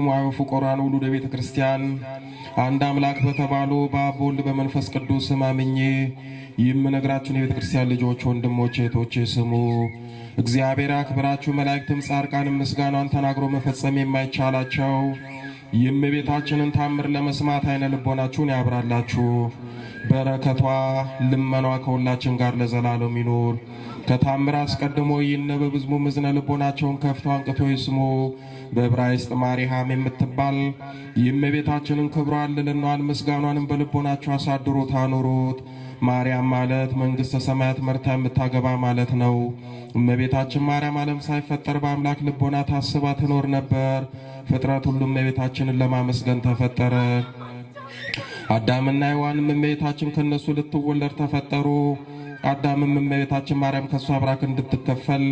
አምላክሙ አበ ፍቁራን ውሉደ ቤተ ክርስቲያን አንድ አምላክ በተባሉ በአብ ወልድ በመንፈስ ቅዱስ ስም አምኜ የምነግራችሁን የቤተ ክርስቲያን ልጆች፣ ወንድሞች፣ እህቶች ስሙ። እግዚአብሔር አክብራችሁ መላእክትም ጻድቃንም ምስጋናን ተናግሮ መፈጸም የማይቻላቸው የእመቤታችንን ታምር ለመስማት አይነ ልቦናችሁን ያብራላችሁ። በረከቷ ልመኗ ከሁላችን ጋር ለዘላለም ይኑር። ከታምር አስቀድሞ ይነበብ ሕዝቡ እዝነ ልቦናቸውን ከፍቶ አንቅቶ ይስሙ። በዕብራይስጥ ማሪሃም የምትባል የእመቤታችንን ክብሯን ልዕልናዋን ምስጋኗንም በልቦናችሁ አሳድሮ ታኑሩት። ማርያም ማለት መንግሥተ ሰማያት መርታ የምታገባ ማለት ነው። እመቤታችን ማርያም ዓለም ሳይፈጠር በአምላክ ልቦና ታስባ ትኖር ነበር። ፍጥረት ሁሉ እመቤታችንን ለማመስገን ተፈጠረ። አዳምና ሔዋንም እመቤታችን ከእነሱ ልትወለድ ተፈጠሩ። አዳምም እመቤታችን ማርያም ከእሱ አብራክ እንድትከፈል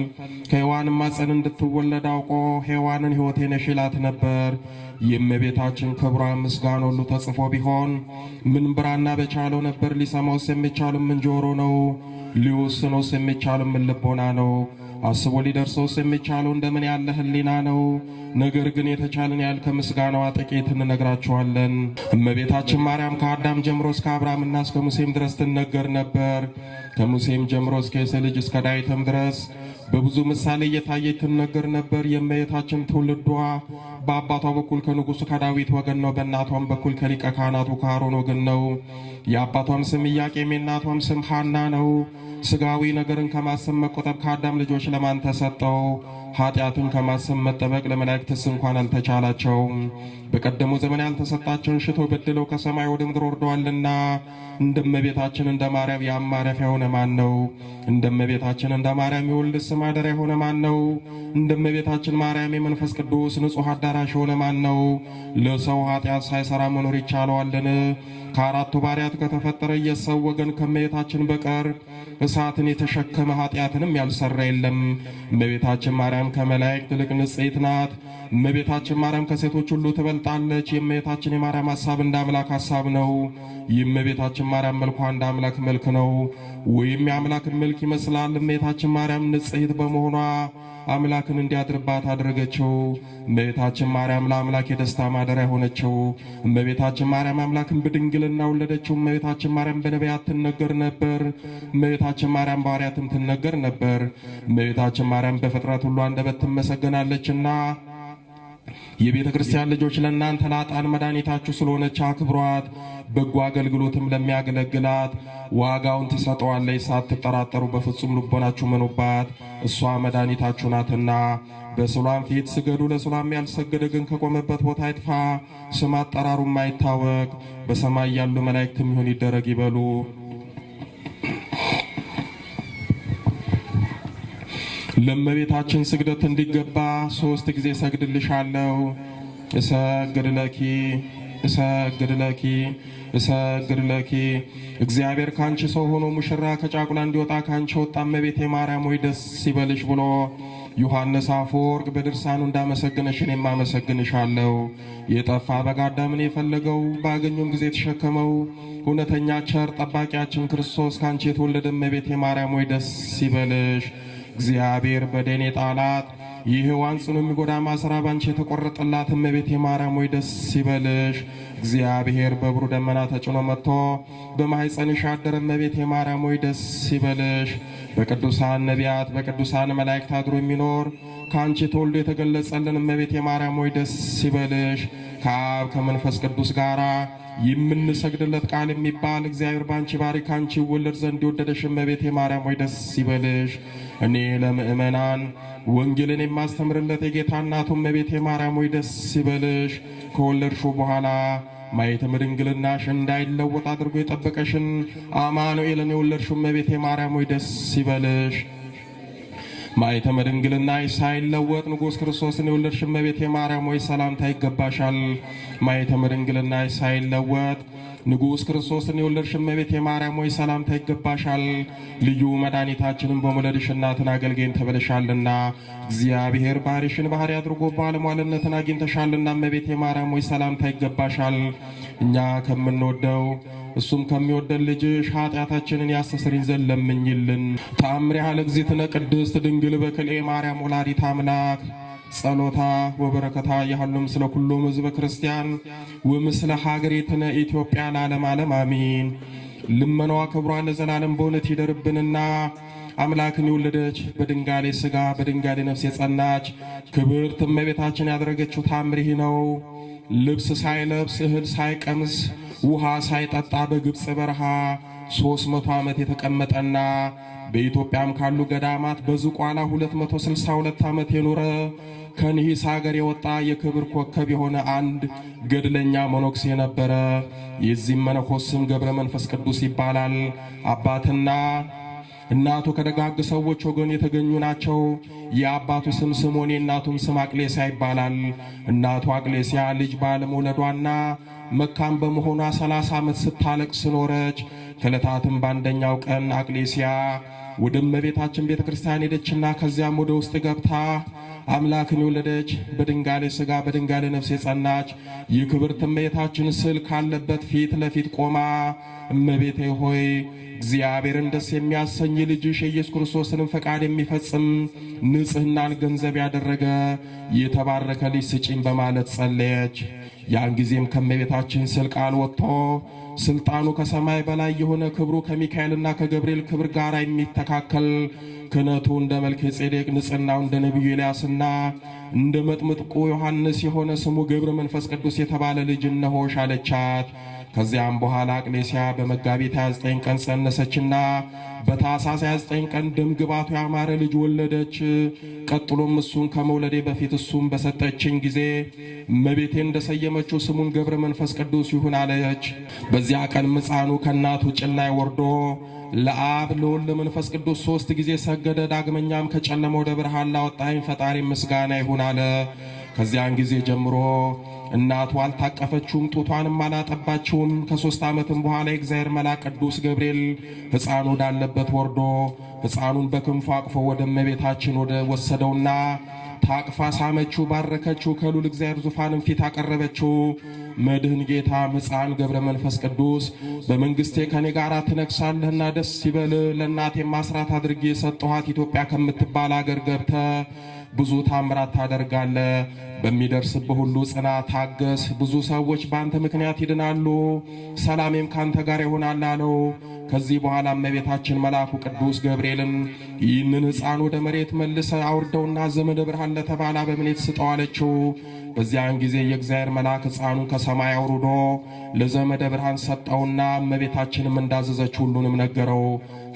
ከሔዋንም ማፀን እንድትወለድ አውቆ ሔዋንን ሕይወቴ ነሽ ይላት ነበር። የእመቤታችን ክብሯ ምስጋና ሁሉ ተጽፎ ቢሆን ምን ብራና በቻለው ነበር? ሊሰማውስ የሚቻሉ ምን ጆሮ ነው? ሊወስነውስ የሚቻሉ ምን ልቦና ነው? አስቦ ሊደርሰውስ የሚቻለው እንደምን ያለ ህሊና ነው? ነገር ግን የተቻለን ያህል ከምስጋናዋ ጥቂት እንነግራችኋለን። እመቤታችን ማርያም ከአዳም ጀምሮ እስከ አብርሃምና እስከ ሙሴም ድረስ ትነገር ነበር። ከሙሴም ጀምሮ እስከ የሰው ልጅ እስከ ዳዊትም ድረስ በብዙ ምሳሌ እየታየች ትነገር ነበር። የእመቤታችን ትውልዷ በአባቷ በኩል ከንጉሱ ከዳዊት ወገን ነው። በእናቷም በኩል ከሊቀ ካህናቱ ከአሮን ወገን ነው። የአባቷም ስም ኢያቄም የእናቷም ስም ሐና ነው። ስጋዊ ነገርን ከማሰብ መቆጠብ ከአዳም ልጆች ለማን ተሰጠው? ኃጢአቱን ከማሰብ መጠበቅ ለመላእክትስ እንኳን አልተቻላቸውም። በቀደሙ ዘመን ያልተሰጣቸውን ሽቶ በድለው ከሰማይ ወደ ምድር ወርደዋልና እንደ እመቤታችን እንደ ማርያም ያም ማረፊያ የሆነ ማን ነው? እንደ እመቤታችን እንደ ማርያም የወልድስ ማደሪያ የሆነ ማን ነው? እንደ እመቤታችን ማርያም የመንፈስ ቅዱስ ንጹሕ አዳራሽ የሆነ ማን ነው? ለሰው ኃጢአት ሳይሰራ መኖር ይቻለዋልን? ከአራቱ ባሪያት ከተፈጠረ የሰው ወገን ከመቤታችን በቀር እሳትን የተሸከመ ኃጢአትንም ያልሰራ የለም። እመቤታችን ማርያም ከመላእክት ትልቅ ንጽሕት ናት። እመቤታችን ማርያም ከሴቶች ሁሉ ትበልጣለች። የእመቤታችን የማርያም ሐሳብ እንደ አምላክ ሐሳብ ነው። የእመቤታችን ማርያም መልኳ እንደ አምላክ መልክ ነው፣ ወይም የአምላክን መልክ ይመስላል። እመቤታችን ማርያም ንጽሕት በመሆኗ አምላክን እንዲያድርባት አደረገችው። እመቤታችን ማርያም ለአምላክ የደስታ ማደሪያ የሆነችው እመቤታችን ማርያም አምላክን በድንግልና ወለደችው። እመቤታችን ማርያም በነቢያት ትነገር ነበር። እመቤታችን ማርያም በሐዋርያትም ትነገር ነበር። እመቤታችን ማርያም በፍጥረት ሁሉ አንደበት ትመሰገናለችና የቤተ ክርስቲያን ልጆች ለእናንተ ላጣን መድኃኒታችሁ ስለሆነች አክብሯት፣ በጎ አገልግሎትም ለሚያገለግላት ዋጋውን ትሰጠዋለች። ሳትጠራጠሩ በፍጹም ልቦናችሁ መኑባት፣ እሷ መድኃኒታችሁ ናትና። በስሏም ፊት ስገዱ። ለስሏም ያልሰገደ ግን ከቆመበት ቦታ አይጥፋ፣ ስም አጠራሩም አይታወቅ፣ በሰማይ ያሉ መላእክትም ይሁን ይደረግ ይበሉ ለመቤታችን ስግደት እንዲገባ ሶስት ጊዜ ሰግድልሻለሁ። ለኪ እሰግድ ለኪ እግዚአብሔር ካንቺ ሰው ሆኖ ሙሽራ ከጫቁላ እንዲወጣ ካንቺ ወጣ እመቤቴ ማርያም ወይ ደስ ይበልሽ ብሎ ዮሐንስ አፈወርቅ በድርሳኑ እንዳመሰግነሽ እኔም አመሰግንሻለሁ። የጠፋ በግ አዳምን የፈለገው ባገኙም ጊዜ የተሸከመው እውነተኛ ቸር ጠባቂያችን ክርስቶስ ካንቺ የተወለደ እመቤቴ ማርያም ወይ ደስ ይበልሽ። እግዚአብሔር በደኔ ጣላት ይህ ዋንጽኑ የሚጎዳ ማሰራ ባንቺ የተቆረጠላት እመቤት የማርያም ሆይ ደስ ይበልሽ። እግዚአብሔር በብሩ ደመና ተጭኖ መጥቶ በማኅፀንሽ አደረ። እመቤት የማርያም ሆይ ደስ ይበልሽ። በቅዱሳን ነቢያት በቅዱሳን መላእክት አድሮ የሚኖር ከአንቺ ተወልዶ የተገለጸልን እመቤት የማርያም ሆይ ደስ ይበልሽ። ከአብ ከመንፈስ ቅዱስ ጋር የምንሰግድለት ቃል የሚባል እግዚአብሔር ባንቺ ባሪ ካንቺ ይወለድ ዘንድ የወደደሽ እመቤት የማርያም ወይ ደስ ይበልሽ። እኔ ለምእመናን ወንጌልን የማስተምርለት የጌታ እናቱም እመቤቴ ማርያም ሆይ ደስ ይበልሽ፣ ከወለድሹ በኋላ ማየትም ድንግልናሽ እንዳይለወጥ አድርጎ የጠበቀሽን አማኑኤልን የወለድሹ እመቤቴ ማርያም ሆይ ደስ ይበልሽ። ማኅተመ ድንግልናሽ ሳይለወጥ ንጉሥ ክርስቶስን የወለድሽ እመቤት የማርያም ሆይ ሰላምታ ይገባሻል። ማኅተመ ድንግልናሽ ሳይለወጥ ንጉሥ ክርስቶስን የወለድሽ እመቤት የማርያም ሆይ ሰላምታ ይገባሻል። ልዩ መድኃኒታችንን በመውለድሽ እናትን አገልጋይን ተብለሻልና እግዚአብሔር ባሕሪሽን ባህሪ አድርጎ ባለሟልነትን አግኝተሻልና እመቤት የማርያም ሆይ ሰላምታ ይገባሻል። እኛ ከምንወደው እሱም ከሚወደን ልጅሽ ኃጢአታችንን ያስተሰርይ ዘንድ ለምኝልን። ተአምሪሃ ለእግዝእትነ ቅድስት ድንግል በክልኤ ማርያም ወላዲተ አምላክ ጸሎታ ወበረከታ ያህሉም ስለ ኩሎም ህዝበ ክርስቲያን ወምስለ ሀገሬትነ ኢትዮጵያ ለዓለም ዓለም አሚን። ልመናዋ ክብሯ ለዘላለም በእውነት ይደርብንና አምላክን የወለደች በድንጋሌ ሥጋ በድንጋሌ ነፍስ የጸናች ክብርት እመቤታችን ያደረገችው ታምሪህ ነው። ልብስ ሳይለብስ እህል ሳይቀምስ ውሃ ሳይጠጣ በግብፅ በረሃ ሦስት መቶ ዓመት የተቀመጠና በኢትዮጵያም ካሉ ገዳማት በዝቋላ 262 ዓመት የኖረ ከንሂስ አገር የወጣ የክብር ኮከብ የሆነ አንድ ገድለኛ መነኩሴ የነበረ። የዚህም መነኮስ ስም ገብረ መንፈስ ቅዱስ ይባላል። አባትና እናቱ ከደጋግ ሰዎች ወገን የተገኙ ናቸው። የአባቱ ስም ስምዖን የእናቱም ስም አቅሌስያ ይባላል። እናቱ አቅሌስያ ልጅ ባለመውለዷና መካም በመሆኗ ሰላሳ ዓመት ስታለቅስ ኖረች። ከዕለታትም በአንደኛው ቀን አቅሌስያ ወደ እመቤታችን ቤተ ክርስቲያን ሄደችና ከዚያም ወደ ውስጥ ገብታ አምላክን የወለደች በድንጋሌ ሥጋ በድንጋሌ ነፍስ የጸናች የክብርት እመቤታችን ስዕል ካለበት ፊት ለፊት ቆማ እመቤቴ ሆይ እግዚአብሔርን ደስ የሚያሰኝ ልጅሽ የኢየሱስ ክርስቶስንም ፈቃድ የሚፈጽም ንጽሕናን ገንዘብ ያደረገ የተባረከ ልጅ ስጪን በማለት ጸለየች። ያን ጊዜም ከእመቤታችን ስዕል ቃል ወጥቶ ሥልጣኑ ከሰማይ በላይ የሆነ ክብሩ ከሚካኤልና ከገብርኤል ክብር ጋር የሚተካ നേതാക്കൾ ክህነቱ እንደ መልከ ጼዴቅ ንጽህናው እንደ ነቢዩ ኤልያስና እንደ መጥምጥቁ ዮሐንስ የሆነ ስሙ ገብረ መንፈስ ቅዱስ የተባለ ልጅ እነሆሽ አለቻት። ከዚያም በኋላ አቅሌስያ በመጋቢት 29 ቀን ጸነሰችና በታኅሳስ 29 ቀን ደም ግባቱ ያማረ ልጅ ወለደች። ቀጥሎም እሱን ከመውለዴ በፊት እሱም በሰጠችኝ ጊዜ እመቤቴ እንደሰየመችው ስሙን ገብረ መንፈስ ቅዱስ ይሁን አለች። በዚያ ቀን ምጻኑ ከእናቱ ጭን ላይ ወርዶ ለአብ ለወልድ ለመንፈስ ቅዱስ ሦስት ጊዜ ሰግ ሰገደ። ዳግመኛም ከጨለማ ወደ ብርሃን ላወጣኝ ፈጣሪ ምስጋና ይሁን አለ። ከዚያን ጊዜ ጀምሮ እናቱ አልታቀፈችውም፣ ጡቷንም አላጠባችውም። ከሦስት ዓመትም በኋላ የእግዚአብሔር መልአክ ቅዱስ ገብርኤል ሕፃኑ ወዳለበት ወርዶ ሕፃኑን በክንፉ አቅፎ ወደ እመቤታችን ወደ ወሰደውና ታቅፋ ሳመችው፣ ባረከችው፣ ከሉል እግዚአብሔር ዙፋንም ፊት አቀረበችው። መድህን ጌታ ሕፃን ገብረ መንፈስ ቅዱስ በመንግስቴ ከኔ ጋር ትነግሳለህና ደስ ይበል። ለእናቴ ማስራት አድርጌ የሰጠኋት ኢትዮጵያ ከምትባል አገር ገብተ ብዙ ታምራት ታደርጋለ። በሚደርስብህ ሁሉ ጽና፣ ታገስ። ብዙ ሰዎች በአንተ ምክንያት ይድናሉ፣ ሰላሜም ካንተ ጋር ይሆናል አለው። ከዚህ በኋላ እመቤታችን መልአኩ ቅዱስ ገብርኤልን ይህንን ሕፃን ወደ መሬት መልሰ አውርደውና ዘመደ ብርሃን ለተባለ አበምኔት ስጠው አለችው። በዚያን ጊዜ የእግዚአብሔር መልአክ ሕፃኑን ከሰማይ አውርዶ ለዘመደ ብርሃን ሰጠውና እመቤታችንም እንዳዘዘች ሁሉንም ነገረው።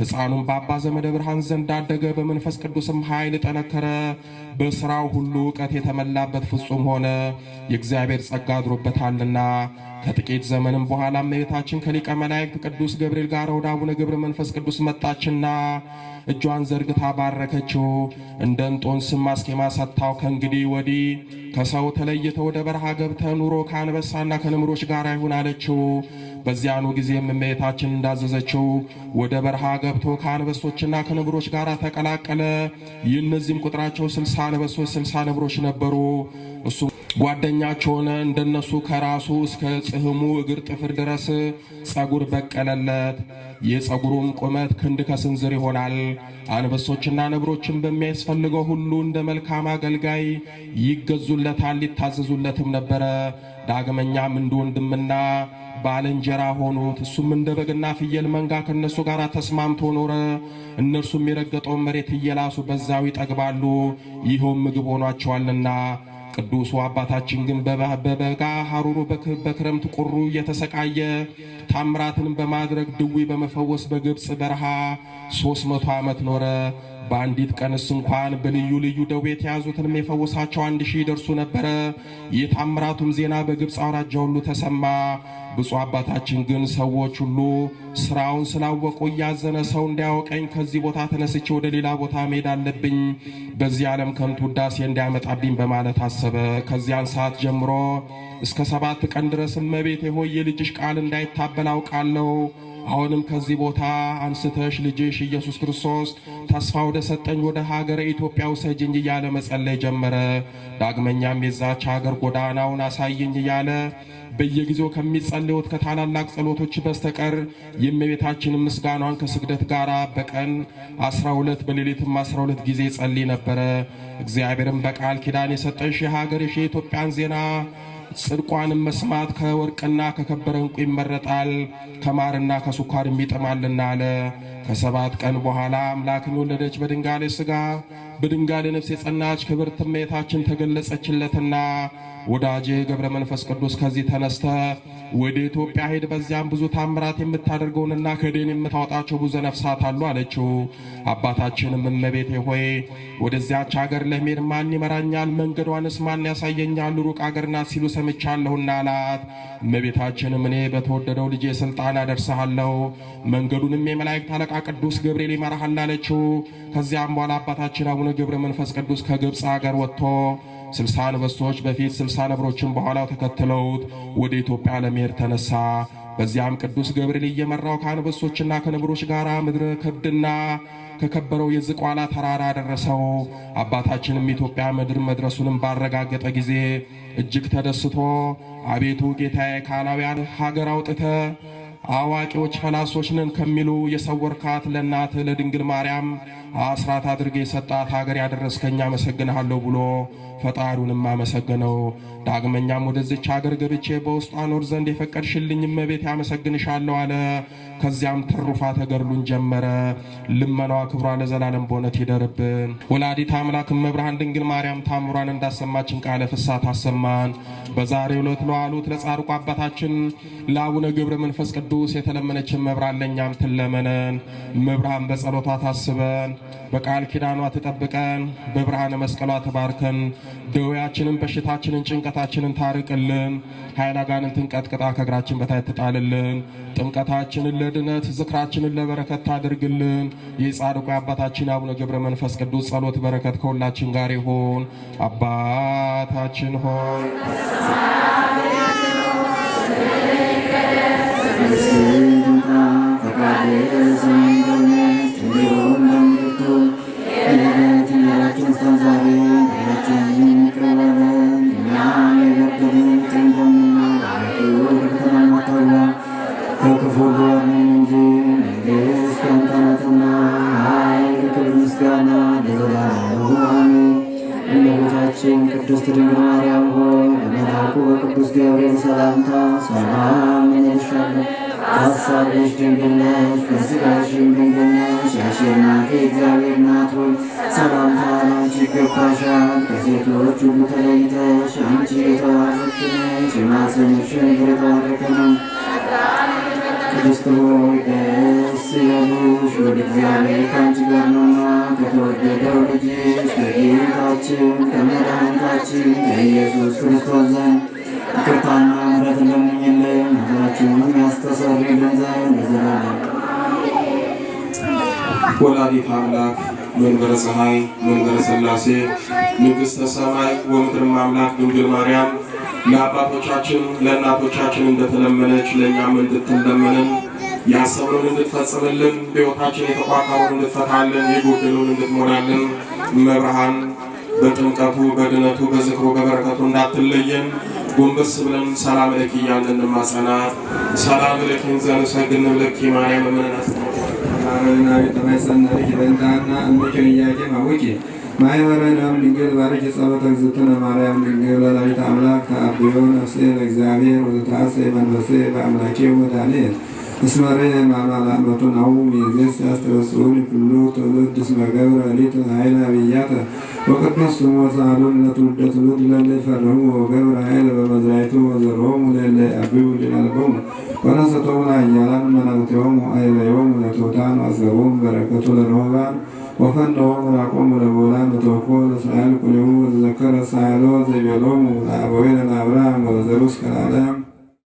ሕፃኑም በአባ ዘመደ ብርሃን ዘንድ አደገ፣ በመንፈስ ቅዱስም ኃይል ጠነከረ፣ በሥራው ሁሉ ዕውቀት የተመላበት ፍጹም ሆነ፣ የእግዚአብሔር ጸጋ አድሮበታልና። ከጥቂት ዘመንም በኋላ እመቤታችን ከሊቀ መላእክት ቅዱስ ገብርኤል ጋር ወደ አቡነ ገብረ መንፈስ ቅዱስ መጣችና እጇን ዘርግታ ባረከችው። እንደ እንጦንስም ማስኬማ ሰጥታው ከእንግዲህ ወዲህ ከሰው ተለይተ ወደ በረሃ ገብተ ኑሮ ከአንበሳና ከንምሮች ጋር ይሁን አለችው። በዚያኑ ጊዜም እመቤታችን እንዳዘዘችው ወደ በረሃ ገብቶ ከአንበሶችና ከነብሮች ጋር ተቀላቀለ። እነዚህም ቁጥራቸው ስልሳ አንበሶች፣ ስልሳ ነብሮች ነበሩ። እሱ ጓደኛቸው ሆነ። እንደነሱ ከራሱ እስከ ጽህሙ እግር ጥፍር ድረስ ጸጉር በቀለለት። የጸጉሩም ቁመት ክንድ ከስንዝር ይሆናል። አንበሶችና ነብሮችን በሚያስፈልገው ሁሉ እንደ መልካም አገልጋይ ይገዙለታል፣ ይታዘዙለትም ነበረ። ዳግመኛም እንደ ወንድምና ባልንጀራ ሆኖት እሱም እንደ በግና ፍየል መንጋ ከነሱ ጋር ተስማምቶ ኖረ። እነርሱም የረገጠውን መሬት እየላሱ በዛው ይጠግባሉ፣ ይኸውም ምግብ ሆኗቸዋልና። ቅዱሱ አባታችን ግን በበጋ ሐሩሩ በክረምት ቁሩ እየተሰቃየ ታምራትን በማድረግ ድዊ በመፈወስ በግብፅ በረሃ ሦስት መቶ ዓመት ኖረ። በአንዲት ቀንስ እንኳን በልዩ ልዩ ደዌ የተያዙትንም የፈወሳቸው አንድ ሺህ ይደርሱ ነበረ። የታምራቱም ዜና በግብፅ አውራጃ ሁሉ ተሰማ። ብፁዕ አባታችን ግን ሰዎች ሁሉ ሥራውን ስላወቁ እያዘነ ሰው እንዳያወቀኝ ከዚህ ቦታ ተነስቼ ወደ ሌላ ቦታ መሄድ አለብኝ፣ በዚህ ዓለም ከንቱ ውዳሴ እንዳያመጣብኝ በማለት አሰበ። ከዚያን ሰዓት ጀምሮ እስከ ሰባት ቀን ድረስ እመቤቴ ሆይ የልጅሽ ቃል እንዳይታበል አውቃለሁ አሁንም ከዚህ ቦታ አንስተሽ ልጅሽ ኢየሱስ ክርስቶስ ተስፋ ወደ ሰጠኝ ወደ ሀገር ኢትዮጵያ ውሰጅኝ እያለ መጸለይ ጀመረ። ዳግመኛም የዛች ሀገር ጎዳናውን አሳየኝ እያለ በየጊዜው ከሚጸለዩት ከታላላቅ ጸሎቶች በስተቀር የእመቤታችን ምስጋኗን ከስግደት ጋር በቀን 12 በሌሊትም 12 ጊዜ ጸልይ ነበረ። እግዚአብሔርም በቃል ኪዳን የሰጠሽ የሀገርሽ የኢትዮጵያን ዜና ጽድቋንም መስማት ከወርቅና ከከበረ እንቁ ይመረጣል፣ ከማርና ከሱኳር ይጥማልና አለ። ከሰባት ቀን በኋላ አምላክን የወለደች በድንጋሌ ሥጋ በድንጋሌ ነፍስ የጸናች ክብርት እመቤታችን ተገለጸችለትና ወዳጄ ገብረ መንፈስ ቅዱስ ከዚህ ተነስተ ወደ ኢትዮጵያ ሄድ፣ በዚያም ብዙ ታምራት የምታደርገውንና ከደን የምታወጣቸው ብዙ ነፍሳት አሉ አለችው። አባታችንም እመቤቴ ሆይ ወደዚያች አገር ለመሄድ ማን ይመራኛል? መንገዷንስ ማን ያሳየኛል? ሩቅ አገር ናት ሲሉ ሰምቻለሁና አላት። እመቤታችንም እኔ በተወደደው ልጄ ስልጣን አደርሰሃለሁ፣ መንገዱንም የመላእክት አለቃ ቅዱስ ገብርኤል ይመራሃል አለችው። ከዚያም በኋላ አባታችን አቡነ ገብረ መንፈስ ቅዱስ ከግብፅ ሀገር ወጥቶ ስልሳ አንበሶች በፊት ስልሳ ነብሮችን በኋላ ተከትለውት ወደ ኢትዮጵያ ለመሄድ ተነሳ። በዚያም ቅዱስ ገብርኤል እየመራው ከአንበሶችና ከነብሮች ጋር ምድረ ከብድና ከከበረው የዝቋላ ተራራ ደረሰው። አባታችንም ኢትዮጵያ ምድር መድረሱንም ባረጋገጠ ጊዜ እጅግ ተደስቶ አቤቱ ጌታዬ ካላውያን ሀገር አውጥተ አዋቂዎች ፈላሶች ነን ከሚሉ የሰወርካት ለእናት ለድንግል ማርያም አስራት አድርጌ የሰጣት ሀገር ያደረስከኝ አመሰግንሃለሁ ብሎ ፈጣሪውንም አመሰገነው። ዳግመኛም ወደዚች ሀገር ገብቼ በውስጥ አኖር ዘንድ የፈቀድሽልኝ እመቤት ያመሰግንሻለሁ አለ። ከዚያም ትሩፋ ተገድሉን ጀመረ። ልመናዋ ክብሯ ለዘላለም በእውነት ይደርብን። ወላዲት አምላክ እመብርሃን ድንግል ማርያም ታምሯን እንዳሰማችን ቃለ ፍሳ ታሰማን። በዛሬ ዕለት ለዋሉት ለጻድቁ አባታችን ለአቡነ ገብረ መንፈስ ቅዱስ ቅዱስ የተለመነችን መብራን ለእኛም ትለመነን። መብርሃን በጸሎቷ ታስበን፣ በቃል ኪዳኗ ትጠብቀን፣ በብርሃነ መስቀሏ ትባርከን። ደዌያችንን፣ በሽታችንን፣ ጭንቀታችንን ታርቅልን። ኃይል አጋንንትን ቀጥቅጣ ከእግራችን በታች ትጣልልን። ጥምቀታችንን ለድነት ዝክራችንን ለበረከት ታድርግልን። የጻድቁ አባታችን አቡነ ገብረ መንፈስ ቅዱስ ጸሎት በረከት ከሁላችን ጋር ይሁን። አባታችን ሆይ በስመ አብ እመቤታችን ቅድስት ድንግል ማርያም ሆይ በመልአኩ በቅዱስ ገብርኤል ሰላምታ ሰላም እንልሻለን። ሐሳብሽ ድንግል ነሽ፣ በሥጋሽም ድንግል ነሽ። የአሸናፊ እግዚአብሔር እናት ሆይ ሰላምታ ላንቺ ይገባሻል። ከሴቶች ሁሉ ተለይተሽ አንቺ የተባረክሽ ነሽ፣ የማኅፀንሽ ፍሬ የተባረከ ነው። ቅድስት ሆይ ያለሽ ወደ እግዚአብሔር ከአንቺ ጋር ነውና ከተወደደው ልጅሽ ከጌታችን ከመድኃኒታችን ከኢየሱስ ክርስቶስ ዘንድ ይቅርታና ምሕረት ለምኝልን ኃጢአታችንን ያስተሰርይልን ዘንድ ለዘላለም። ወላዲተ አምላክ መንበረ ፀሐይ መንበረ ሥላሴ ንግሥተ ሰማይ ወምድር አምላክ ድንግል ማርያም ለአባቶቻችን ለእናቶቻችን እንደተለመነች ለእኛም እንድትለመንን ያሰብነውን እንድትፈጽምልን በሕይወታችን የተቋጠረውን እንድትፈታልን የጎደለውን እንድትሞላልን መብርሃን በጥምቀቱ በድነቱ በዝክሩ በበረከቱ እንዳትለየን ጎንበስ ብለን ሰላም ልኪ እያልን እንማጸናት። ሰላም ለኪን ዘንሰግን ብለኪ ማርያም ምንናት ድንግል ጸሎተ እግዝእትነ ማርያም ድንግል ወላዲተ አምላክ ተአብዮ ነፍሴ ለእግዚአብሔር መንፈሴ በአምላኬ እስመረ ማማላመቱ ናሁ ሚዝስ ያስተበስሩን ኩሉ ትውልድ እስመ ገብረ ሊት ኃይለ አብያተ ወቅዱስ ስሙ ሳሉን ለትውልደት ሉድ ለለ ይፈርሙ ወገብረ ኃይለ በመዝራይቱ ወዘሮሙ ለለ አብዩ ሊናልቦሙ ወነሰቶሙ አያላን መናብቴሆሙ አይበዮሙ ለቶታን አዘቦሙ በረከቱ ለኖባን ወፈንደሆሙ ራቆሙ ለቦላን በተወኮ ለእስራኤል ኩሌሙ ወተዘከረ ሳያሎ ዘይቤሎሙ ለአበዌ ለአብርሃም ወዘሩስ ከለዓለም